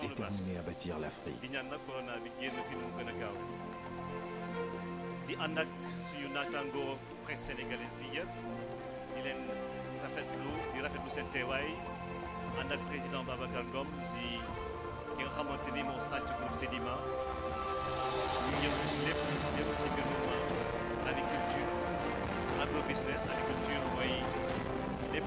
déterminé à bâtir l'Afrique. di ñaan nag corona bi génn fi mu gën a gaaw di ànd ak suñu naataango presse sénégalaise bi yëpp di leen rafetlu di rafetlu seen teewaay ànd ak président Babacar Ngom di ki nga xamante ni moo sàcc groupe Sedima ñu ñëw lépp jëm si mbirum agriculture agro business agriculture mooy lépp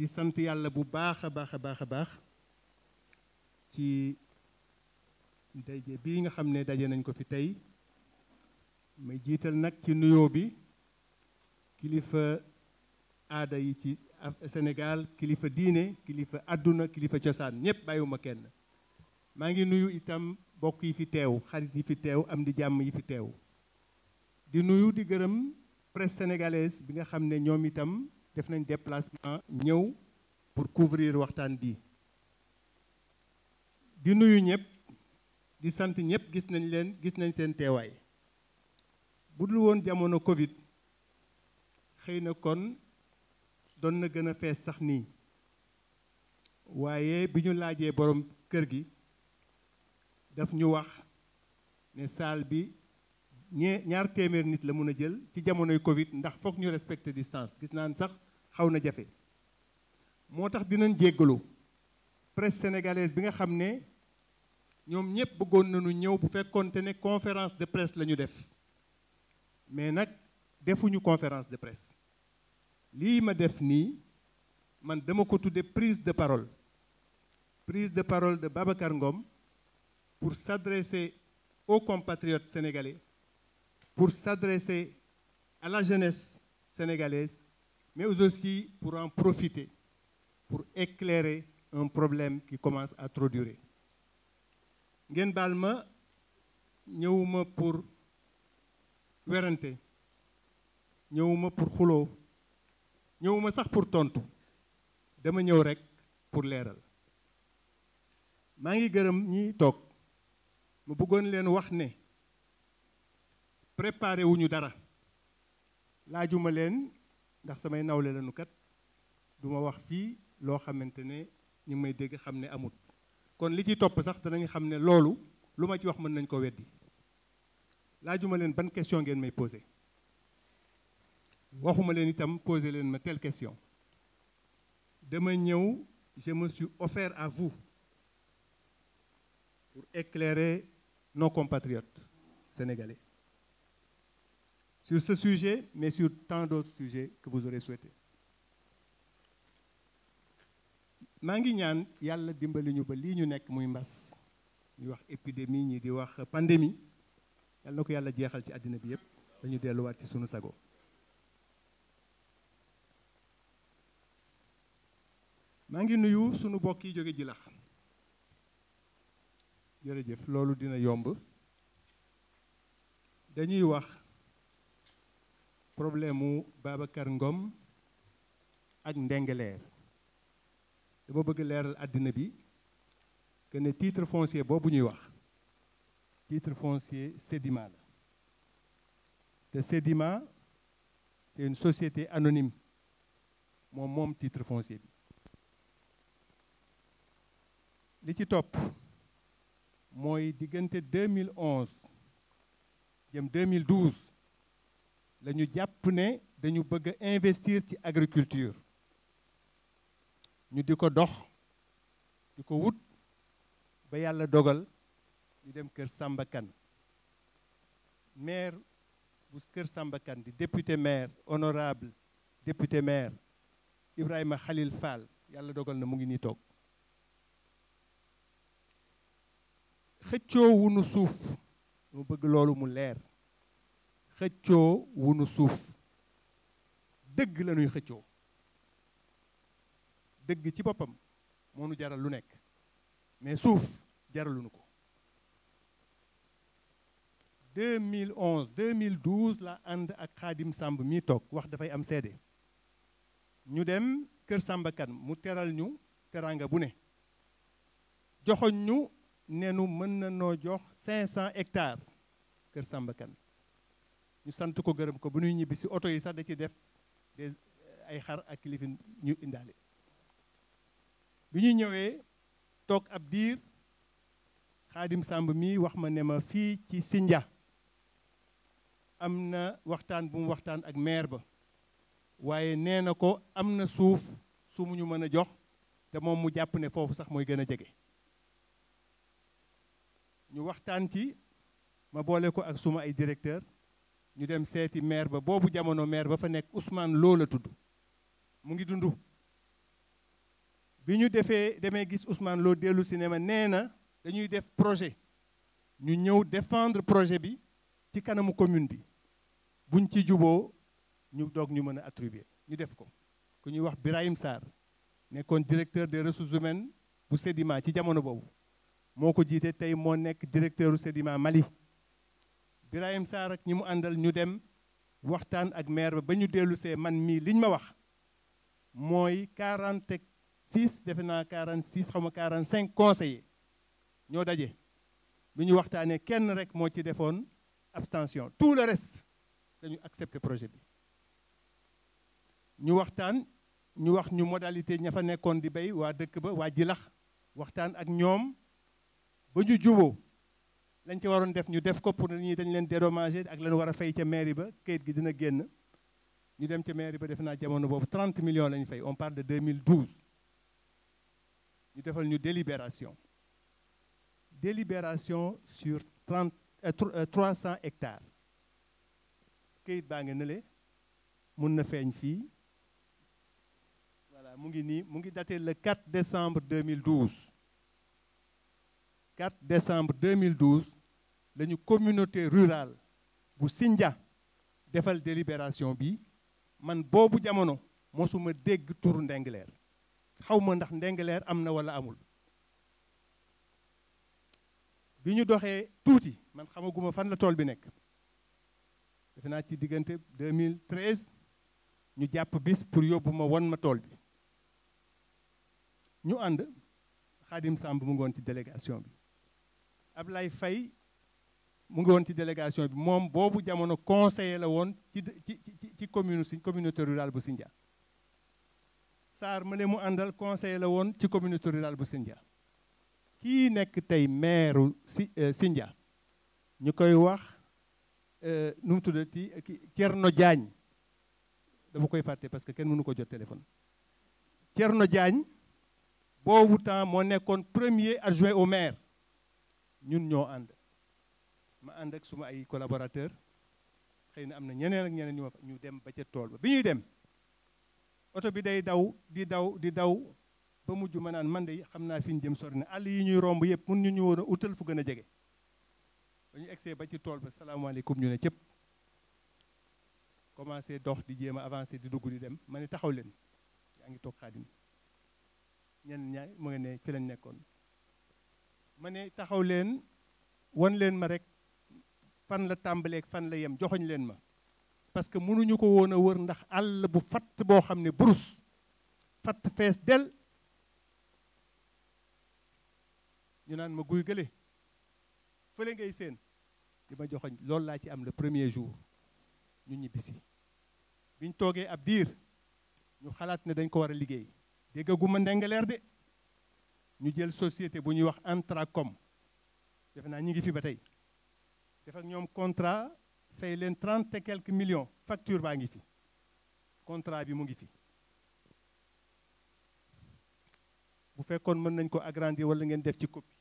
di sant yàlla bu baax a baax a baax a baax ci daje bii nga xam ne daje nañ ko fi tey may jiital nag ci nuyoo bi kilifa aada yi ci Sénégal kilifa diine kilifa àdduna kilifa cosaan ñëpp bàyyiwuma kenn maa ngi nuyu itam bokk yi fi teew xarit yi fi teew am di jàmm yi fi teew di nuyu di gërëm presse sénégalaise bi nga xam ne ñoom itam def nañ déplacement ñëw pour couvrir waxtaan bi di nuyu ñëpp di sant ñëpp gis nañ leen gis nañ seen teewaay bu dul woon jamono Covid xëy na kon doon na gën a fees sax nii waaye bi ñu laajee borom kër gi daf ñu wax ne salle bi ñee ñaar téeméer nit la mun a jël ci jamonoy Covid ndax foog ñu respecter distance gis naan sax xaw na jafe moo tax dinañ jéggalu presse sénégalaise bi nga xam ne ñoom ñëpp bëggoon nañu ñëw bu fekkoonte ne conférence de presse la ñu def mais nag defuñu conférence de presse lii ma def nii man dama ko tudde prise de parole prise de parole de Babacar Ngom pour s'adresser aux compatriotes sénégalais pour s'adresser à la jeunesse sénégalaise mais aussi pour en profiter pour éclairer un problème ki commence à trop durer ngeen baal ma ñëwuma pour werante ñëwuma pour xuloo ñëwuma sax pour tontu dama ñëw rekk pour leeral maa ngi gërëm ñuy toog mu bëggoon leen wax ne préparé wuñu dara laajuma leen ndax samay nawle lañu kat du ma wax fii loo xamante ne ñu may dégg xam ne amut kon li ciy topp sax danañ xam ne loolu lu ma ci wax mën nañ ko weddi laajuma leen ban question ngeen may posé waxuma leen itam posé leen ma tell question dama ñëw je me suis offert à vous pour éclairer nos compatriotes sénégalais sur sa sujet, mais sur tant d'autres sujets que vous aurez maa ngi ñaan yàlla dimbali ñu ba lii ñu nekk muy mbas ñuy wax épidémie ñi di wax pandémie yàlla na ko yàlla jeexal ci àddina bi yépp dañu delluwaat ci sunu sago maa ngi nuyu sunu bokk yi jóge jilax jërëjëf loolu dina yomb dañuy wax problème mu Babacar Ngom ak Ndengeleer dama bëgg leeral àddina bi que ne tiitre foncier boobu ñuy wax titre foncier Sedima la te Sedima c'est une société anonyme moom moom tiitre foncier bi li ci topp mooy diggante 2011 jëm 2012 lañu jàpp ne dañu bëgg a investir ci agriculture ñu di ko dox di ko wut ba yàlla dogal ñu dem kër Samba Kane maire bu kër Samba Kane di député maire honorable député maire Ibrahima Khalil Fall yàlla dogal na mu ngi nii toog xëccoo suuf mu bëgg loolu mu leer xëccoo wunu suuf dëgg la xëccoo dëgg ci boppam moo jaral lu nekk mais suuf jaralunu ko 2011 2012 la ànd ak xaadim sàmb mi toog wax dafay am seede ñu dem kër Samba Kane mu teral ñu teranga bu ne joxoñ ñu nee nu mën na noo jox 500 hectares kër Samba Kane ñu sant ko gërëm ko bu ñuy ñibbi si oto yi sax da ci def des ay xar ak kilifin ñu indaale bi ñu ñëwee toog ab diir xaadim sàmb mii wax ma ne ma fii ci Sindia am na waxtaan bu mu waxtaan ak maire ba waaye nee na ko am na suuf su mu ñu mën a jox te moom mu jàpp ne foofu sax mooy gën a jege ñu waxtaan ci ma boole ko ak suma ay directeur ñu dem seeti maire ba boobu jamono maire ba fa nekk Ousmane loo la tudd mu ngi dund bi ñu defee demee gis Ousmane loo dellu cinéma nee na dañuy def projet ñu ñëw défendre projet bi ci kanamu commune bi buñ ci juboo ñu doog ñu mën a attribuer ñu def ko ku ñuy wax Birahim Sarr nekkoon directeur de ressources humaines bu Sedima ci jamono boobu moo ko jiite tey moo nekk directeur u Sedima Mali Birahim Sarr ak ñi mu àndal ñu dem waxtaan ak maire ba ñu dellusee man mii liñ ma wax mooy 46 defe naa 46 xaw ma cinq conseillers ñoo daje bi ñu waxtaanee kenn rek moo ci defoon abstention tout le reste dañu accepter projet bi ñu waxtaan ñu wax ñu modalité ña fa nekkoon di béy waa dëkk ba waa jilax waxtaan ak ñoom ba ñu juboo lañ ci waroon def ñu def ko pour ñi dañ leen dédommagé ak lañ war a fay ca mairie ba kayit gi dina génn ñu dem ca mairie ba def naa jamono boobu 30 millions lañ fay on parle de 2012 ñu defal ñu délibération délibération sur 30 300 euh, euh, hectares kayit baa ngi nële mun na feeñ fii voilà mu ngi nii mu ngi daté le 4 décembre 2012 4 décembre 2012 lañu communauté rurale bu Sindia defal délibération bi man boobu jamono mosuma dégg turu Ndingler xawma ndax Ndingler am na wala amul bi ñu doxee tuuti man xamaguma fan la tool bi nekk defe naa ci diggante 2013 ñu jàpp bis pour yóbbu ma won ma tool bi ñu ànd Xaadim Samb mu ngoon ci délégation bi Ablaye fay mu ngi woon ci délégation bi moom boobu jamono conseiller la woon ci ci ci commune si communauté rural bu Sindia Sarr ma mu àndal conseiller la woon ci communauté rurale bu Sindia kii nekk tey maire si euh, Sindia ñu koy wax euh, nu mu tuddati Thierno Diagne dafa koy fàtte parce que kenn mënu ko jot téléphone Thierno Diagne boobu temps moo nekkoon premier adjoint au maire ñun ñoo ànd ma ànd ak suma ay collaborateur xëy na am na ñeneen ak ñeneen ñu ma ñu dem ba ca tool ba bi ñuy dem oto bi day daw di daw di daw ba mujj ma naan man de xam naa fi ñu jëm sori na àll yi ñuy romb yëpp mun ñu ñu woon a utal fu gën a jege ba ñu egsee ba ci tool ba salaamaaleykum ñu ne cëpp commencé dox di jéem a avancé di dugg di dem ma ne taxaw leen yaa ngi toog xaadim ñenn ñaa mu ngi ne fi lañ nekkoon ma ne taxaw leen wan leen ma rek fan la tàmbaleeg fan la yem joxoñ leen ma parce que mënuñu ko woon a wër ndax àll bu fatt boo xam ne burus fatt fees del ñu naan ma guy gële fële ngay séen di ma joxoñ loolu laa ci am le premier jour ñu ñibbisi biñ toogee ab diir ñu xalaat ne dañ ko war a liggéey déggaguma ndengaleer de ñu jël société bu ñuy wax Antracom defe naa ñi ngi fi ba tey def ñoom contrat fay leen trente et million millions facture baa ngi fi contrat bi mu ngi fi bu fekkoon mën nañ ko agrandir wala ngeen def ci copie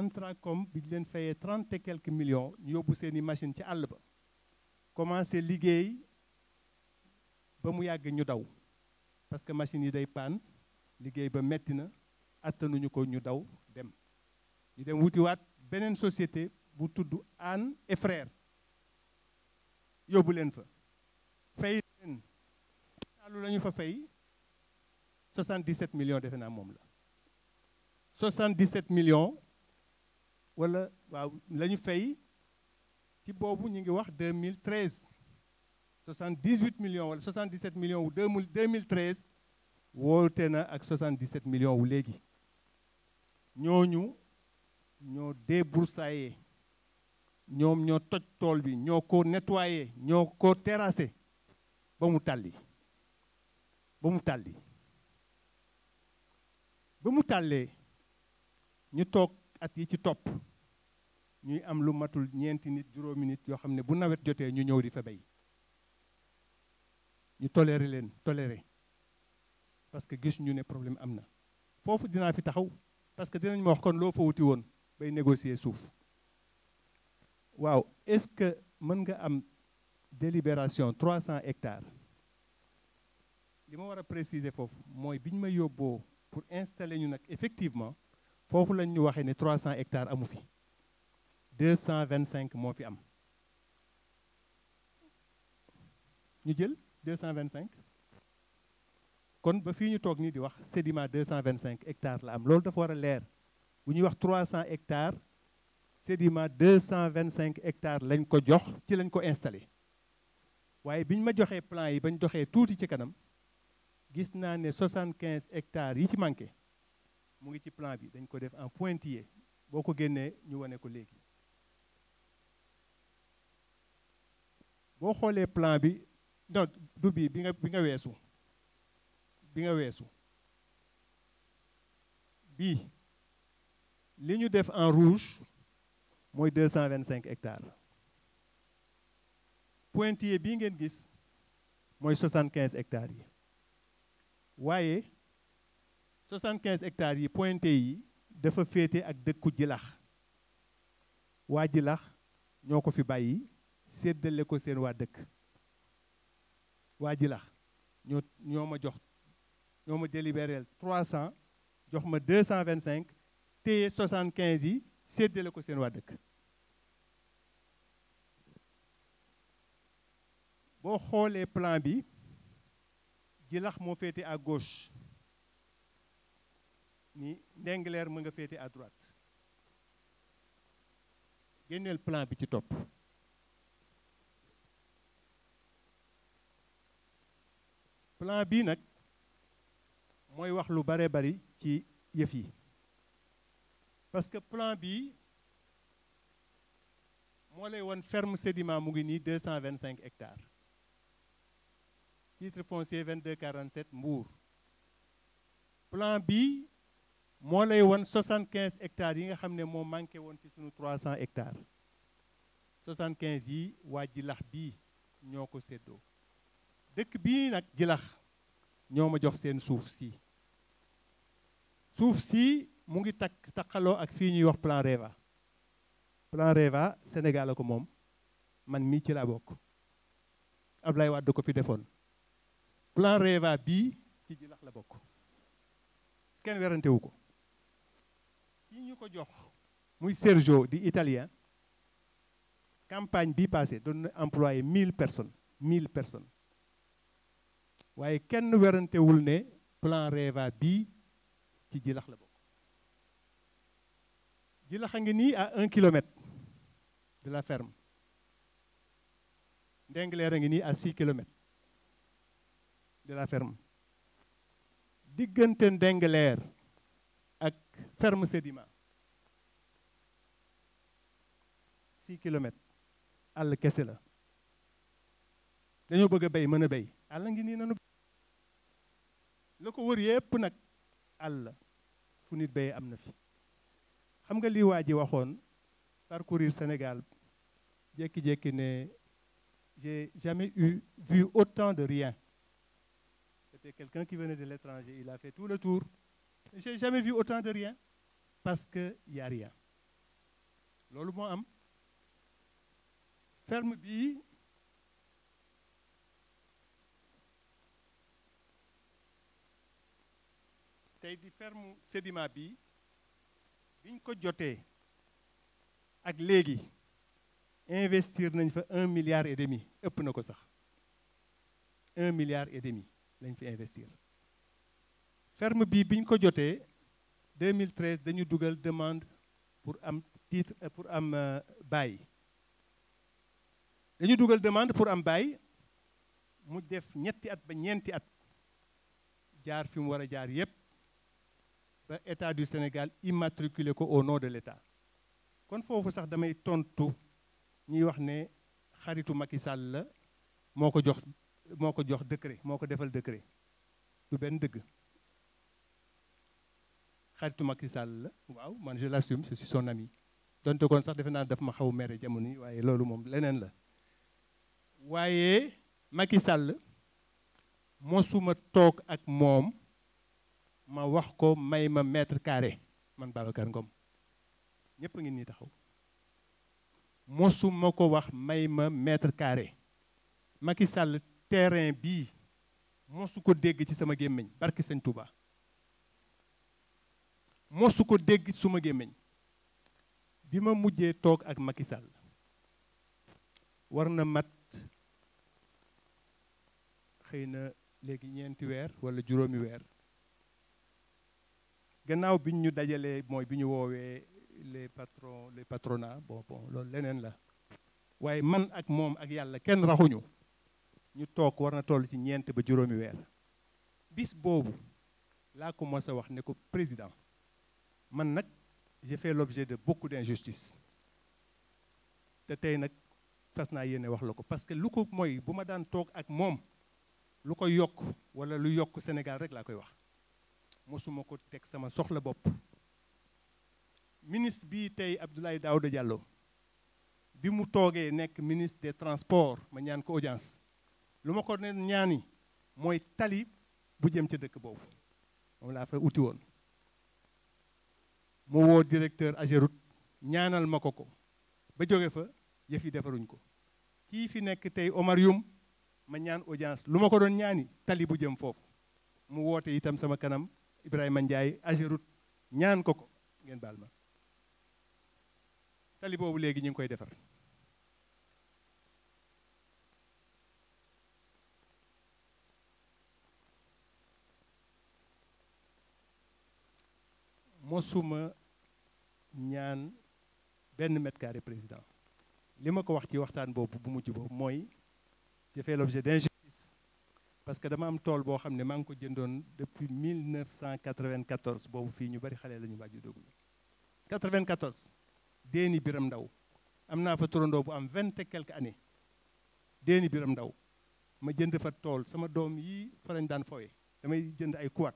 Antracom bi leen fayee trente et million ñu yóbbu seeni machine ci àll ba commencé liggéey ba mu yàgg ñu daw parce que machines yi day paan liggéey ba metti na attanuñu ko ñu daw dem ñu dem wutiwaat beneen société bu tudd Anne et frère yóbbu leen fa fay leen taalu la ñu fa fay 77 millions defe naa moom la 77 millions wala waaw la ñu fay ci boobu ñu ngi wax 2013 78 millions wala 77 millions wu 2013 woote na ak 77 millions wu léegi ñooñu ñoo débroussaillé ñoom ñoo toj tool bi ñoo ko nettoyé ñoo ko terrassé ba mu tàlli ba mu tàlli ba mu tàllee ñu toog at yi ci topp ñuy am lu matul ñeenti nit juróomi nit yoo xam ne bu nawet jotee ñu ñëw di fa bay ñu toléré leen toléré parce que gis ñu ne problème am na foofu dinaa fi taxaw parce que dinañ ma wax kon loo fa wuti woon bay négocier suuf waaw est-ce que mën nga am délibération 300 hectares li ma war a préciser foofu mooy bi ñu ma yóbboo pour installer ñu nag effectivement foofu lañ ñu waxee ne 300 hectares amu fi 225 moo fi am ñu jël 225 kon ba fii ñu toog nii di wax vingt cinq hectares la am loolu dafa war a leer bu ñuy wax trois 300 hectares deux cent Sedima cinq ectare lañ ko jox ci lañ ko installé waaye biñ ma joxee plan yi bañ doxee tuuti ci kanam gis naa ne quinze hectares yi ci manqué mu ngi ci plan bi dañ ko def en pointillé boo ko génnee ñu wane ko léegi. boo xoolee plan bi non du bii bi nga bi nga weesu bi nga weesu bii li ñu def en rouge. mooy deux cent vingt cinq hectares pointillé bii ngeen gis mooy soixante quinze hectares yi waaye soixante quinze hectares yi pointé yi dafa féete ak dëkku jilax waa jilax ñoo ko fi bàyyi séddale ko seen waa dëkk waa jilax ñoo ñoo ma jox ñoo ma délibéreel trois cent jox ma deux cent vingt cinq téye soixante quinze yi séddale ko seen waa dëkk boo xoolee plan bi jilax moo féete à gauche ni ndengleer mu nga féete à droite génneel plan bi ci topp plan bii nag mooy wax lu bare bari ci yëf yi parce que plan bi moo lay wan ferme Sédima mu ngi nii 225 hectares titre foncier 2247 Mbour plan bi moo lay woon quinze hectares yi nga xam ne moo manqué woon ci sunu 300 hectares 75 yi waa jilax bii ñoo ko séddoo dëkk bii nag jilax ñoo ma jox seen suuf si suuf si mu ngi takk takkaloo ak fii ñuy wax plan REVA plan REVA Sénégal ko moom man mii ci laa bokk ab Ablaye Wade ko fi defoon plan REVA bii ci jilax la bokk kenn werantewu ko yi ñu ko jox muy Sergio di italien campagne bi passé doon employé mille personnes mille personne waaye kenn werantewul ne plan REVA bii ci jilax la bokk Djilaxa ngi nii à un kilomètre de la ferme Ndingler a ngi nii à six kilomètres de la ferme diggante Ndingler ak ferme Sedima six kilomètres àll kese la dañoo bëgg a béy mën a béy àll ngi nii nanu la ko wër yépp nag àll la fu nit béyee am na fi xam nga li waa ji waxoon parcourir Sénégal jékki-jékki ne j'ai jamais eu vu autant de rien c'était quelqu'un qui venait de l'étranger il a fait tout le tour j'ai jamais vu autant de rien parce que y a loolu moo am ferme bi tey di ferme Sedima bi biñ ko jotee ak léegi investir nañ fa un milliard et demi ëpp na ko sax un milliard et demi lañ fi investir ferme bi biñ ko jotee 2013 dañu dugal demande pour am titre pour am euh, bail dañu dugal demande pour am bail mu def ñetti at ba ñeenti at jaar fi mu war a jaar yépp ba état du Sénégal immatriculé ko au non de l'état kon foofu sax damay tontu ñuy wax ne xaritu Macky Sall la moo ko jox moo ko jox décret moo ko defal décret du benn dëgg xaritu Macky Sall la waaw man je si je suis son ami donte kon sax defe naa daf ma xaw mere jamono yi waaye loolu moom leneen la waaye Macky Sall mosuma toog ak moom ma wax ko may ma metre carré man Babacar Ngom ñëpp ngi nii taxaw mosuma ko wax may ma mètre carré Macky Sall terrain bii mosu ko dégg ci sama gémmiñ barki sëñ Touba mosu ko dégg ci suma gémmiñ bi ma mujjee toog ak Macky Sall war na mat xëy na léegi ñeenti weer wala juróomi weer gannaaw bi ñu dajalee mooy bi ñu woowee les patrons les patronats bon bon loolu leneen la waaye man ak moom ak yàlla kenn raxuñu ñu toog war na toll ci ñeent ba juróomi weer bis boobu laa ko mos wax ne ko président man nag jëfe fait l'objet de beaucoup d'injustice te tey nag fas naa yéene wax la ko parce que lu ko mooy bu ma daan toog ak moom lu ko yokk wala lu yokk Sénégal rek laa koy wax mosuma ko teg sama soxla bopp ministre bii tey Abdoulaye Daouda Diallo bi mu toogee nekk ministre des transport ma ñaan ko audience lu ma ko ne ñaani mooy tali bu jëm ca dëkk boobu moom laa fa uti woon mu woo directeur Ageroute ñaanal ma ko ko ba jóge fa yëf yi defaruñ ko kii fi nekk tey Omar ma ñaan audience lu ma ko doon ñaani tali bu jëm foofu mu woote itam sama kanam Ibrahima njaay Ageroute ñaan ko ko ngeen baal ma tali boobu léegi ñu ngi koy defar mosuma ñaan benn mètre président li ma ko wax ci waxtaan boobu bu mujj boobu mooy j'ai l'objet d'un parce que dama am tool boo xam ne maa ngi ko jëndoon depuis 1994 boobu fii ñu bari xale la ñu waaju dugg 94 déeni biram ndaw am naa fa turandoo bu am vingt et quelques années déeni biram ndaw ma jënd fa tool sama doom yi fa lañ daan fowee damay jënd ay kuwaat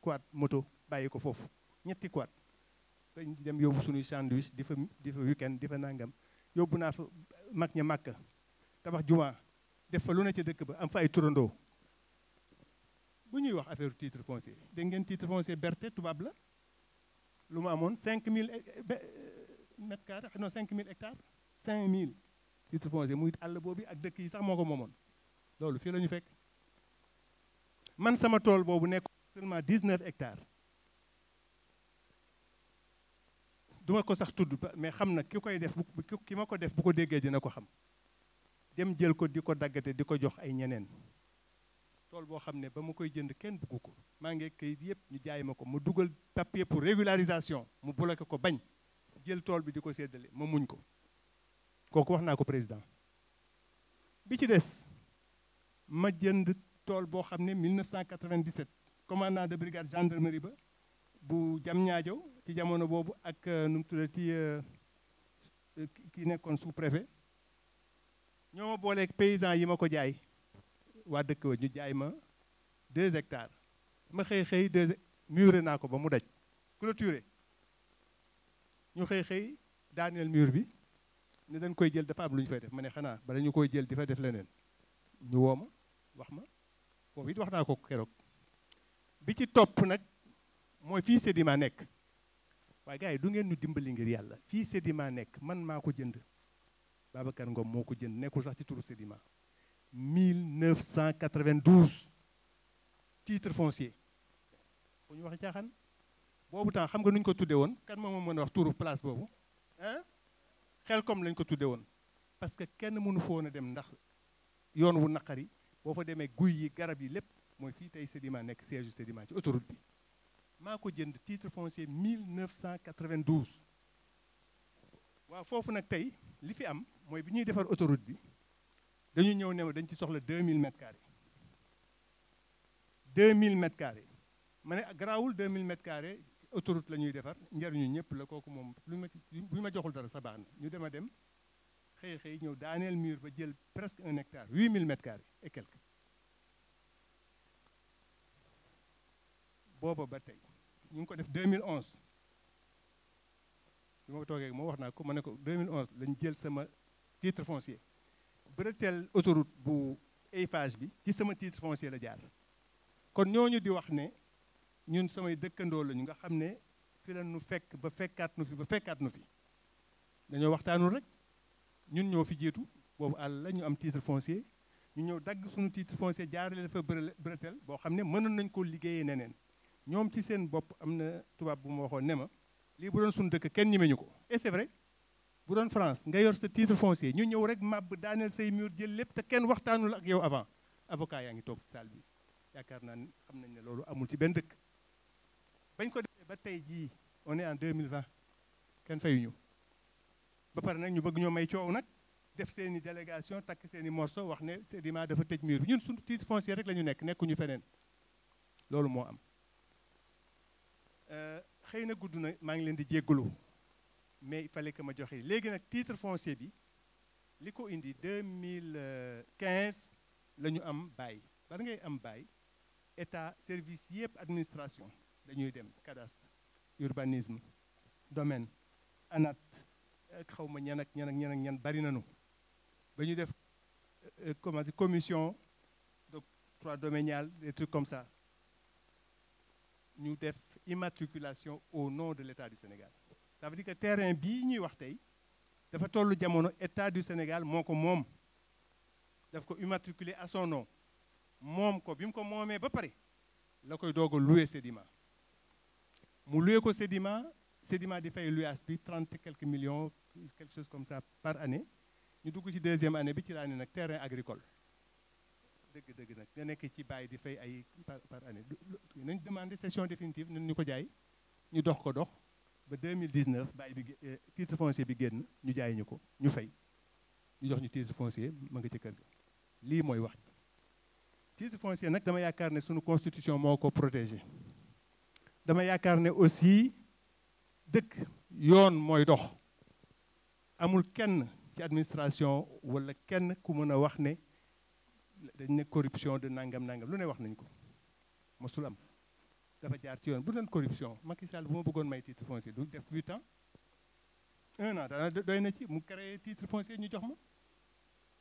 kuwaat moto bàyyi ko foofu ñetti kuwaat dañ dem yóbbu suñuy sandwich di fa di fa weekend di fa nangam yóbbu naa fa mag ña màkk tabax jumaa def fa lu ne ca dëkk ba am fa ay bu ñuy wax affaire titre foncier dégg ngeen titre foncier berte tubaab la lu mu amoon cinq 5000 eh, eh, mètres carrés non 5000 hectares 5000 titre mu it àll boobu ak dëkk yi sax moo ko moomoon loolu fii la ñu fekk man sama tool boobu nekk seulement 19 hectares duma ko sax tudd mais xam na ki koy def bu ki ma ko def bu ko déggee dina ko xam dem jël ko di ko daggate di ko jox ay ñeneen tool boo xam ne ba ma koy jënd kenn bugg ko maa ngi kayit yëpp ñu jaay ma ko ma dugal papier pour régularisation mu bloqué ko bañ jël tool bi di ko séddale ma muñ ko kooku wax naa ko président bi ci des ma jënd tool boo xam ne 1997 commandant de brigade gendarmerie ba bu jam ñaajow ci jamono boobu ak euh, nu mu tuddati euh, ki nekkoon sous préfet ñoo ma booleeg paysan yi ma ko jaay waa dëkk wa ñu jaay ma deux hectares ma xëy xëy deux muré naa ko ba mu daj clôturé ñu xëy xëy daaneel mur bi ne dañ koy jël dafa am lu ñu fay def ma ne xanaa bala ñu koy jël di fa def leneen ñu woo wax ma foofu it wax naa ko keroog bi ci topp nag mooy fii Sedima nekk waaye gars yi du ngeen ñu dimbali ngir yàlla fii Sedima nekk man maa ko jënd Babacar Ngom moo ko jënd nekkul sax ci turu Sedima mille 1992 titre foncier bu ñu waxee caaxaan boobu temps xam nga nu ko tuddee woon kan moom mën a wax turu place boobu ah xel comme lañ ko tuddee woon parce que kenn mënu foon a dem ndax yoon wu naqari boo fa demee guy yi garab yi lépp mooy fii tey Sedima nekk siège Sedima ci autoroute bi maa ko jënd titre foncier mille 1992 waaw foofu nag tey li fi am mooy bi ñuy defar autoroute bi dañu ñëw ne dañ ci soxla 2000 mètres carrés 2000 mètres carrés ma ne garaawul 2000 mètres carrés autoroute la ñuy defar njariñu ñëpp la kooku moom lu ma lu ma joxul dara sa baax na ñu dem a dem xëy xëy ñëw daaneel mur ba jël presque un hectare 8000 mètres carrés et quelque booba ba tey ñu ngi ko def 2011 bi ma toogee moo wax naa ko ma ne ko 2011 lañ jël sama titre foncier. bretelle autoroute bu Eiffage bi ci sama titre foncier la jaar kon ñooñu di wax ne ñun samay dëkkandoo lañu nga xam ne fi la nu fekk ba fekkaat nu fi ba fekkaat nu fi dañoo waxtaanul rek ñun ñoo fi jiitu boobu àll la ñu am titre foncier ñu ñëw dagg suñu foncé foncier jaarale fa bretelle boo xam ne mënoon nañ ko liggéeyee neneen ñoom ci seen bopp am na tubaab bu ma waxoo ne ma lii bu doon suñu dëkk kenn ñu ko bu doon France nga yor sa titre foncier ñu ñëw rek màbb daaneel say mur jël lépp te kenn waxtaanul ak yow avant avocat yaa ngi toog ci bi yaakaar naa xam nañ ne loolu amul ci benn dëkk bañ ko defee ba tey jii on est mille 2020 kenn fayuñu ba pare nag ñu bëgg ñoo may coow nag def seen i délégation takk seen i morceau wax ne Sedima dafa tëj mur bi ñun suñu titre foncier rek la ñu nekk nekkuñu feneen loolu moo am euh, xëy na gudd na maa ngi leen di jéggalu mais il fallait que ma joxe léegi nag titre foncier bi li ko indi 2015 la ñu am bail bari ngay am bail état service yëpp administration dañuy dem cadastre urbanisme domaine anat ak xaw ma ñan ak ñan ak ñan bari nañu ba ñu def euh, comment commission de droit domanial des comme ça ñu def immatriculation au nom de l'État du Sénégal ça que terrain bii ñuy wax tey dafa tollu jamono état du Sénégal moo ko moom daf ko immatriculé à son nom moom ko bi mu ko moomee ba pare la koy doog a loué Sedima mu loué ko Sedima Sedima di fay luyaas bi trente et quelques millions quelque chose comme ça par année ñu dugg ci deuxième année bi ci laa ne nag terrain agricole dëgg dëgg nag nga nekk ci bàyyi di fay ay par par année nañ demander session définitive nañ ñu ko jaay ñu dox ko dox ba 2019 bàyyi bi euh, titre foncier bi génn ñu jaay ñu ko ñu fay ñu jox ñu titre foncier ma nga ci kër lii mooy wax titre foncier nag dama yaakaar ne sunu constitution moo ko protégé dama yaakaar ne aussi dëkk yoon mooy dox amul kenn ci administration walla kenn ku mën a wax ne dañ ne corruption de nangam nangam lu ne wax nañ ko mosul am dafa jaar ci yoon bu doon corruption Macky Sall bu ma bëggoon may titre foncier du def huit ans un an doy na ci mu créé titre foncier ñu jox ma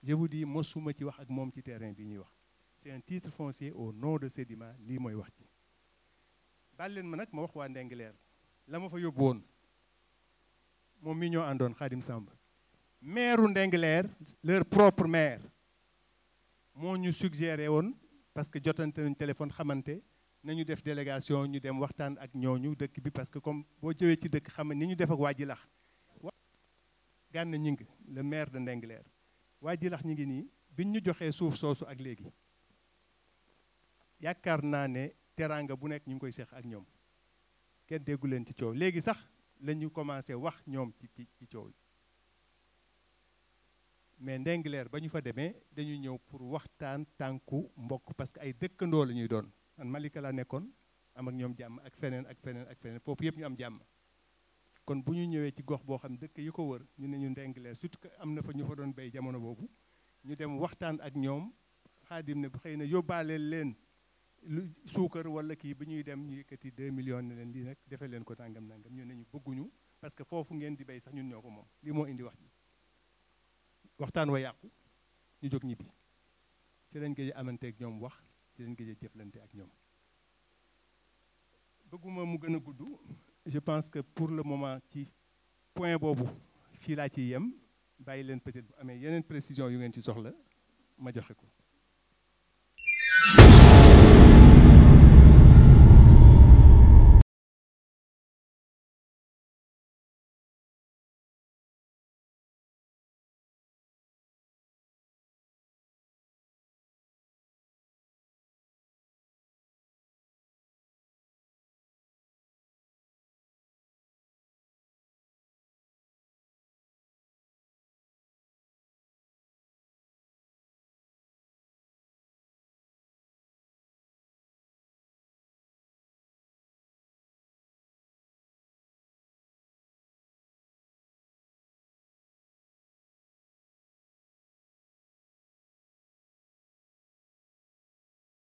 je vous mosuma ci wax ak moom ci terrain bi ñuy wax c'est un titre foncier au nom de Sedima lii mooy wax ci bàl leen ma nag ma wax waa Ndingler la ma fa yóbbu woon moom mi ñoo àndoon Khadim Samb maire u Ndingler leur propre maire moo ñu suggéré woon parce que jotante nañ téléphone xamante nañu def délégation ñu dem waxtaan ak ñooñu dëkk bi parce que comme boo jëwee ci dëkk xam ni ñu def ak waa Jilax Gana Gningue le maire de Ndingler waa Jilax ñu ngi nii biñ ñu joxee suuf soosu ak léegi yaakaar naa ne teraanga bu nekk ñu ngi koy seex ak ñoom kenn déggu leen ci coow léegi sax la ñu commencé wax ñoom ci ci coow mais Ndingler ba ñu fa demee dañu ñëw pour waxtaan tànku mbokk parce que ay dëkkandoo la ñuy doon man Malika laa nekkoon am ak ñoom jàmm ak feneen ak feneen ak feneen foofu yëpp ñu am jàmm kon bu ñu ñëwee ci gox boo xam dëkk yi ko wër ñu ne ñu Ndingler surtout que am na fa ñu fa doon bay jamono boobu ñu dem waxtaan ak ñoom xaadim ne bu xëy na yóbbaale leen lu suukar wala kii bi ñuy dem ñu yëkkati 2 million ne leen lii nag defee leen ko nangam nangam ñu ne ñu bëgguñu parce que foofu ngeen di bay sax ñun ñoo ko moom lii moo indi wax ji waxtaan wa yàqu ñu jóg ñibbi ci lañ gëj amanteeg ñoom wax di leen gëj jëflante ak ñoom bëgguma mu gën a gudd je pense que pour le moment ci point boobu fii laa ci yem bàyyi leen peut-être bu amee yeneen précision yu ngeen ci soxla ma joxe ko